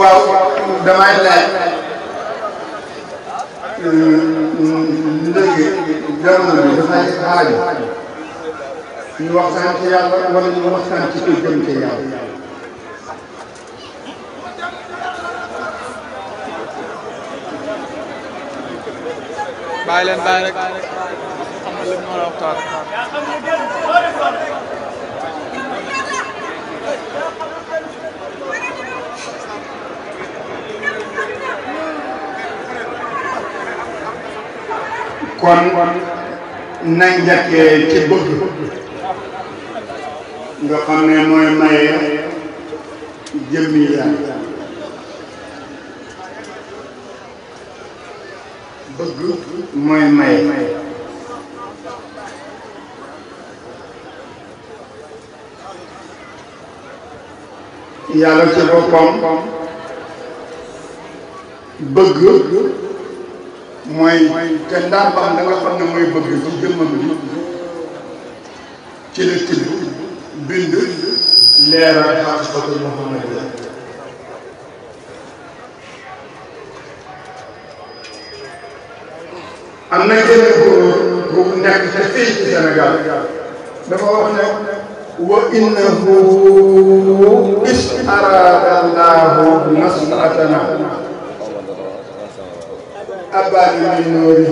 waaw damay laaj léegi jamono bi dafay aajo ñu waxtaan ci yàlla wala ñu waxtaan ci kuy jëm ci yàlla. bàyyi leen bàyyi rek xam nga li mu war a waxtaan kon nañ njëkkee ci bëgg nga xam ne mooy maye jëmmi yàlla bëgg mooy maye yàlla ci boppam bëgg mooy te ndaar ba xam da nga xam ne mooy bëgg ci bi ci la tudd bind leeral xaalisatu Muhammad la am na yenn góor bu nekk te fii ci Sénégal dafa wax ne wa innahu الباب من نوره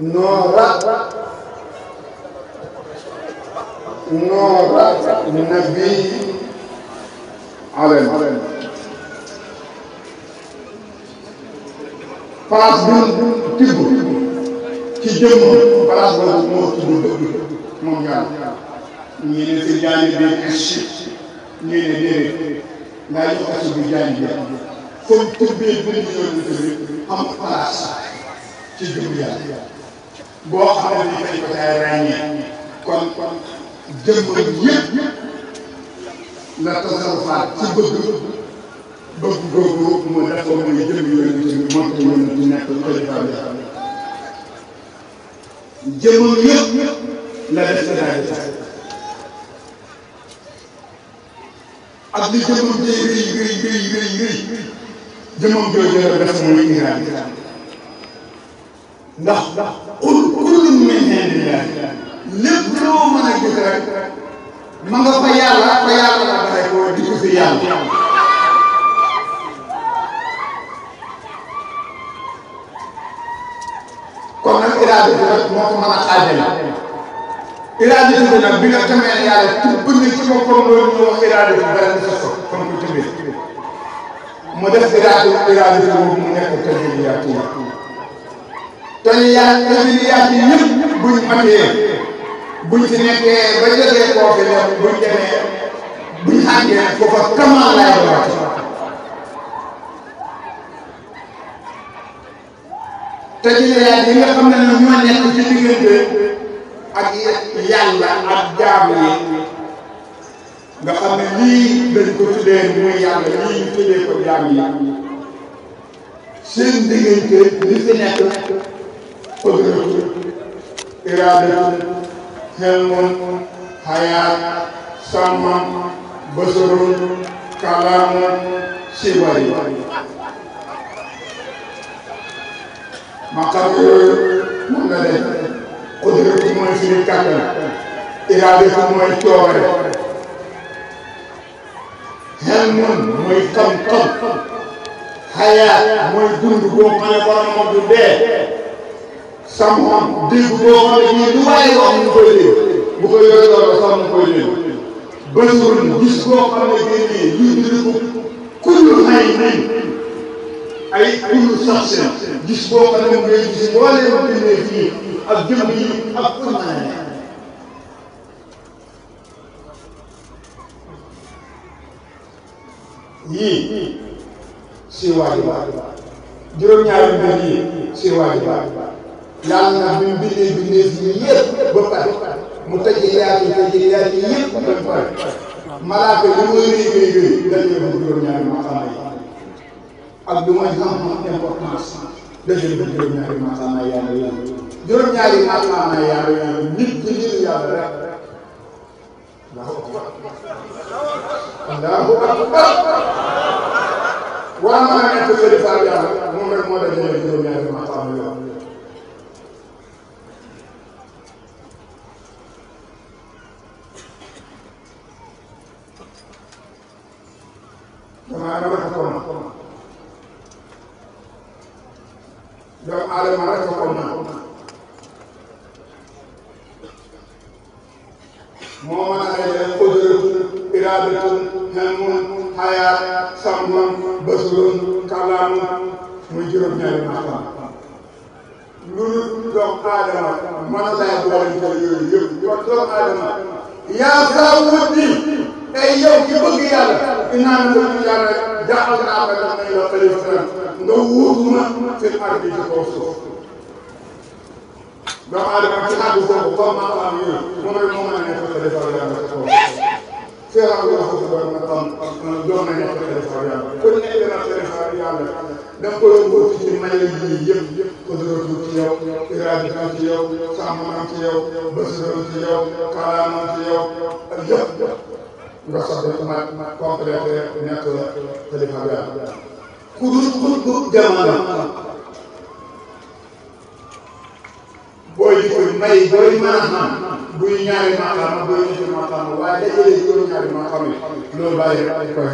نورا نورا نورا النبي علينا place boobu tibb ci jëmm place boobu moo tibb moom ñaar ñii ne sa jaani bi ñii ne déedéet ngaa jox kaso bi jaani bi comme tubbee bi ñu yónni tamit am place ci jëm yàlla boo xam ne dañ ko cay ràññee kon kon jëmbal yëpp la tasarufaat ci bëgg bëgg googu moo def ko mën a jëm yónni tamit moom ko mën di nekk xalifa bi jëmbal yëpp la def sa daal ak li jëmam jëy rëy rëy rëy rëy rëy jëmam jooju la def mooy iran ndax xul kullun min indillah lépp loo mën a gis rek ma nga fa yàlla fa yàlla la bare ko di ko fi yàlla kon nag iraada bi rek moo ko mën a xaajale iraadatu nag bi nga xamee ne yàlla tubb na ci boppam loolu ñu wax iraadatu benn façon comme ko tuddee mu def iraadatu iraadatu boobu mu nekk tajaliyaat yi tajaliyaat tajaliyaat yi yëpp buñ matee buñ ci nekkee ba jógee koofi ne buñ demee buñ àggee foofa kamaa laay waat tajaliyaat yi nga xam ne nag ma nekk ci diggante ak yàlla ak jaam yi nga xam ne lii dañ ko tuddee muy yàlla lii ñu tuddee ko jaam yi seen diggante li fi nekk xëdratu iraadatu xelmun xayaat sàmmam basarun kalaamun sibari maqatul moom la def xuduratu mooy suñu kàttan iraadatu mooy coobare helmun mooy xam-xam xayaat mooy dund boo xam ne borom moom du dee samxam dégg boo xam ne bii lu waaye wax ñu koy bu ko yore loolu sax mu koy dégg bësurun gis boo xam ne bii nii lii dund ko kullu xay nañ ay kullu sax seen gis boo xam ne moom ngay gis boo leen bindee fii ak jëmm yi ak fu ñu mën a nekk yii si waajibaat juróom-ñaari mbir yii si waajibaat yàlla na bi mu bindee bindee si yëpp ba pare mu tëjee yaatu tëjee yaatu yëpp ba pare malaaka li muy rëy rëy dañuy ko juróom-ñaari maxaama yi ak du mooy xam importance dañuy ko juróom-ñaari maxaama yàlla yàlla juróom-ñaari kàllaama yàlla yàlla nit ñi nit yàlla rek allahu akbar allahu akbar waa maa nekk yële saa yàlla moom rek moo dajale juróom-ñaari maqaam yàlla damaa dama xamoon doomu aadama rek xamoon naa kalaamu muy juróom-ñaari maxam lu dul doomu aadama mën a laa boole yooyu yëpp yow doomu yaa saa wut ni tey yow ki bëgg yàlla inaan nga ñu yàlla jaaxal naa ko ndax nañ la xalifa fan nga wuutu ma ci arbi ci kaw suuf doomu aadama ci àgg boobu comme maanaam yooyu moom rek moo mën a nekk xalifa yàlla ci kaw suuf feeraw yi wax dëgg yàlla xam jox nañu ko téléphone yàlla kon nekk na téléphone yàlla da nga koy wóor ci may yi yëpp xëdratu ci yow iradikan ci yow sàmman ci yow basiran ci yow kalaaman ci yow ak yëpp nga soxla ma complété nekk téléphone yàlla ku dul ku dul jamono booy may booy mën a xam buy ñaari maqaama buy ñetti maqaama waaye dajale juróom ñaari maqaama yi loolu bàyyi koy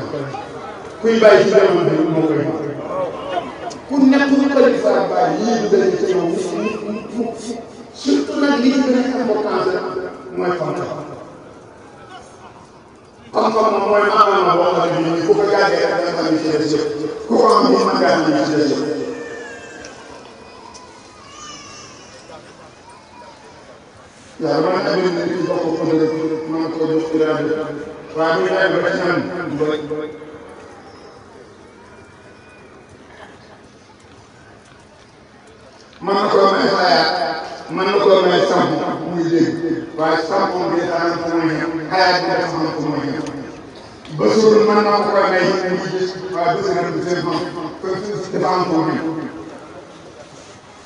kuy bàyyi ci jamono bi moo koy ku nekk ñu ko def saa bàyyi yii danañ ci ñëw mu surtout nag li ci gën a important mooy xam-xam xam-xam mooy maanaam boo xam ne ku ko jàngee rek da nga xam ne ci la jëf ku ko am mën ngaa mën ci la jëf waaw man am nañu nit ñi bokkul côté rek man koo jox ci rajo waaw bu ñu amee ba ci am du bañ. mën na koo may xayaat mën na koo may samp muy dégg waaye samp bi nga xamante ne mooy ñëw xayaat bi nga xamante ne mooy ñëw bësul mën na ko may muy gis waaye bësul nag bu seen fan dafa am koo ñëw.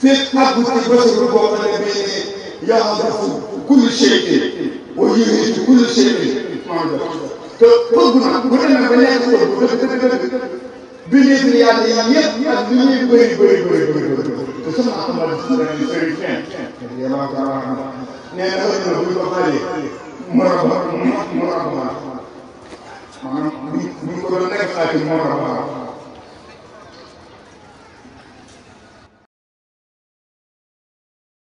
fii nag bu ci bësul boo ko defee yaa dafu kulli shay'in wa yuhiitu kulli shay'in maa ngi te bëgg na bu demee ba nekk loolu bu dëgg dëgg dëgg bi léegi yàlla yi yëpp ak li ñuy bëri bëri bëri bëri te sama xamal sëriñ sëriñ fin yàlla taala nee na ëpp na bu ñu ko xaalee murabba murabba maanaam bu ñu ko doon nekk xaati murabba